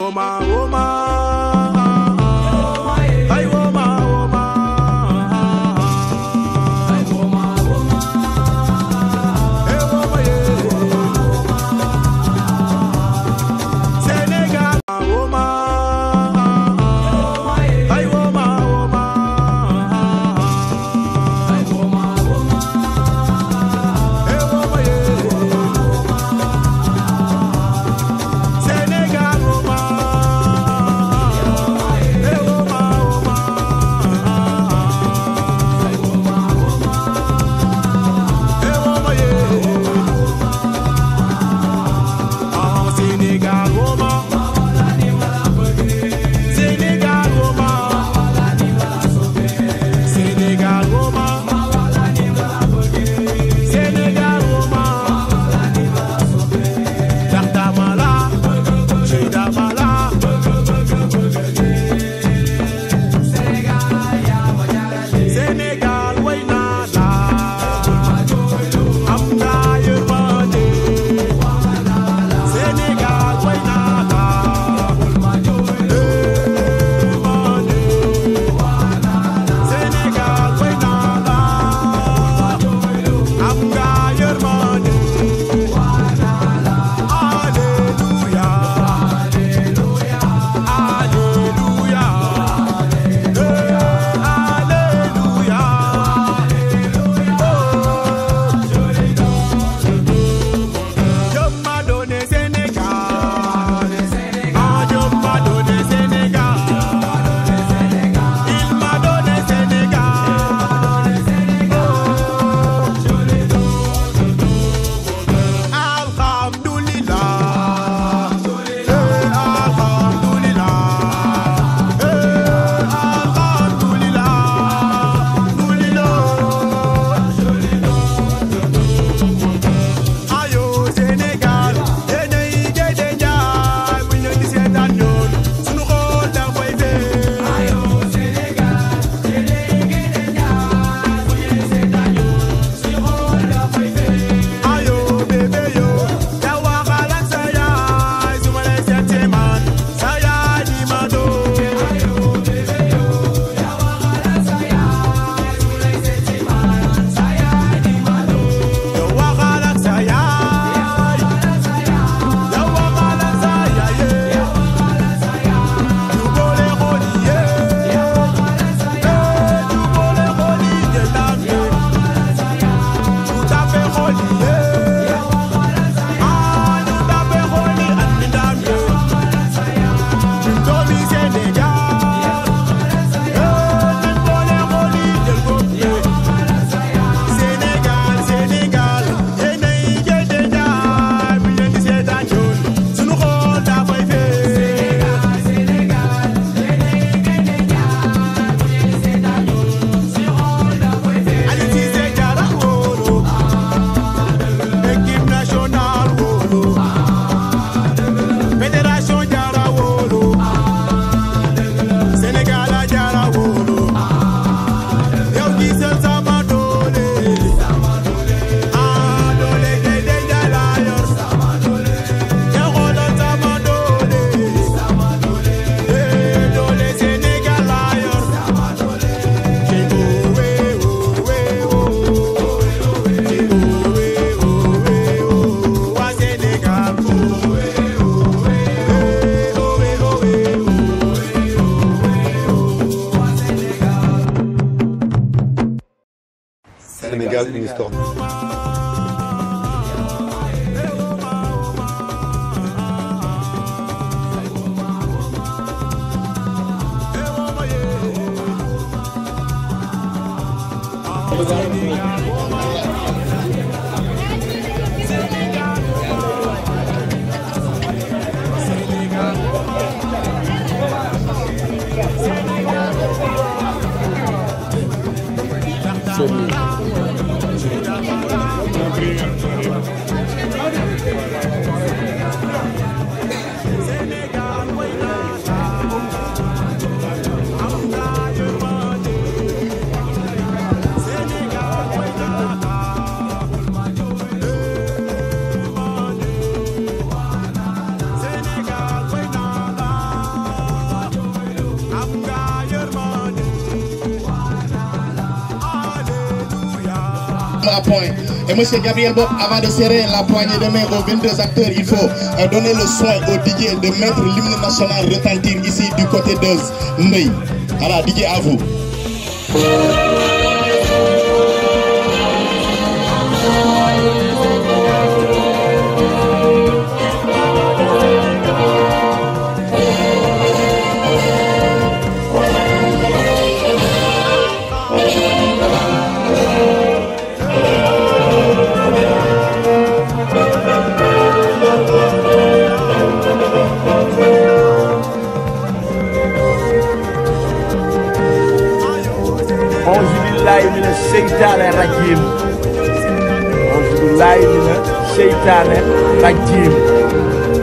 Oh my, oh my. Senegal, wait up. point. Et Monsieur Gabriel Bob, avant de serrer la poignée de main aux 22 acteurs, il faut donner le soin au DJ de mettre l'hymne national retentir ici du côté de Ney. Alors, DJ, à vous. seytaane rajiim auzu billaahi mina seytaane rajiim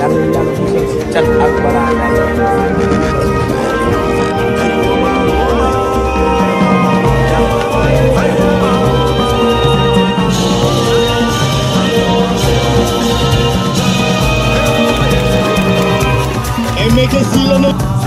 yàlla yàlla musal si cat ak balaa Make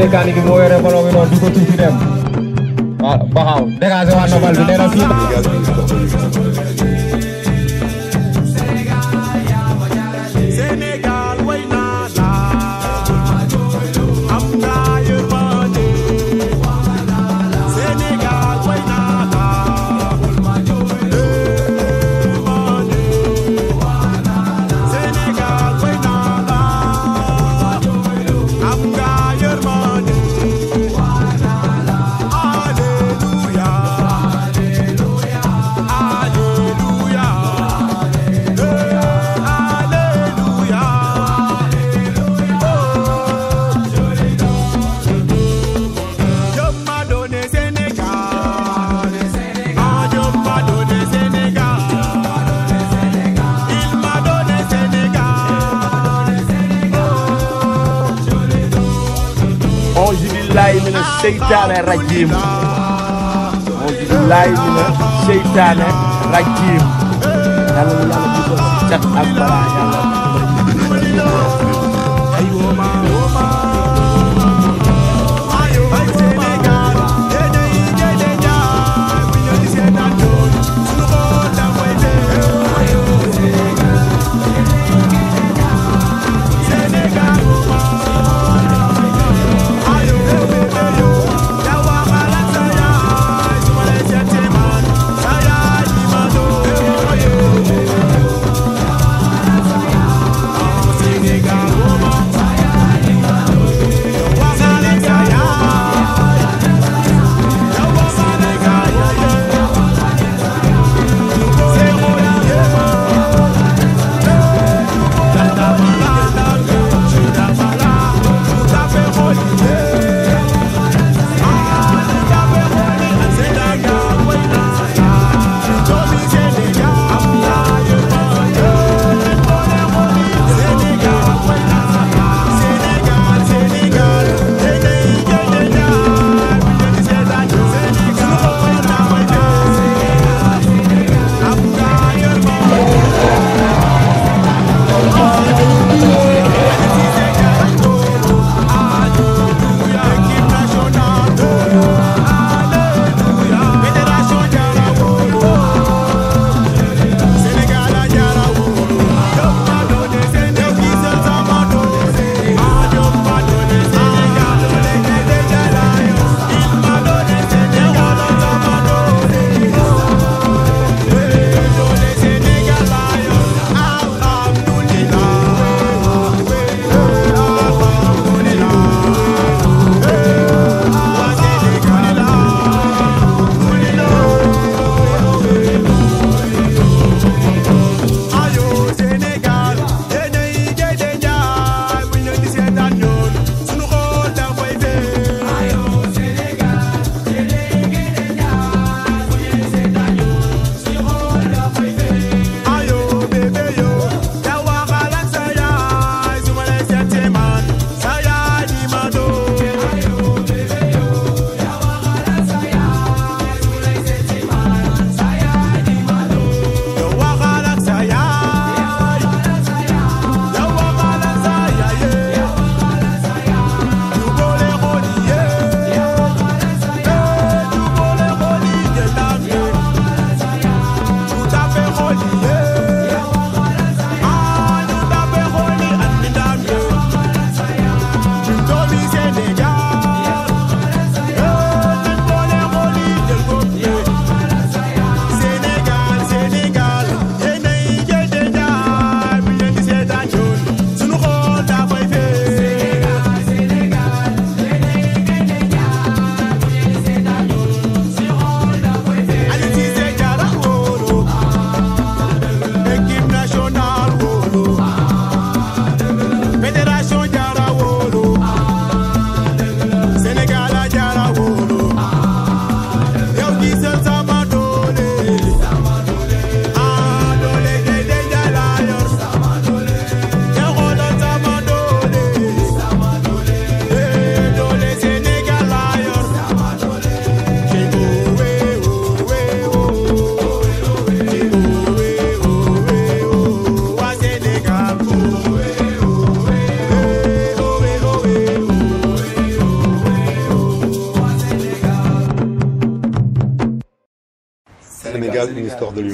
tekani ki moyo re balo no diko tuti dem bahaw dégagé wa no bal bi dina fi seytaane rajiim moo gis laay bi la seytaane rajiim yàlla na yàlla gisal cat ak balaa yàlla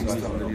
Gracias.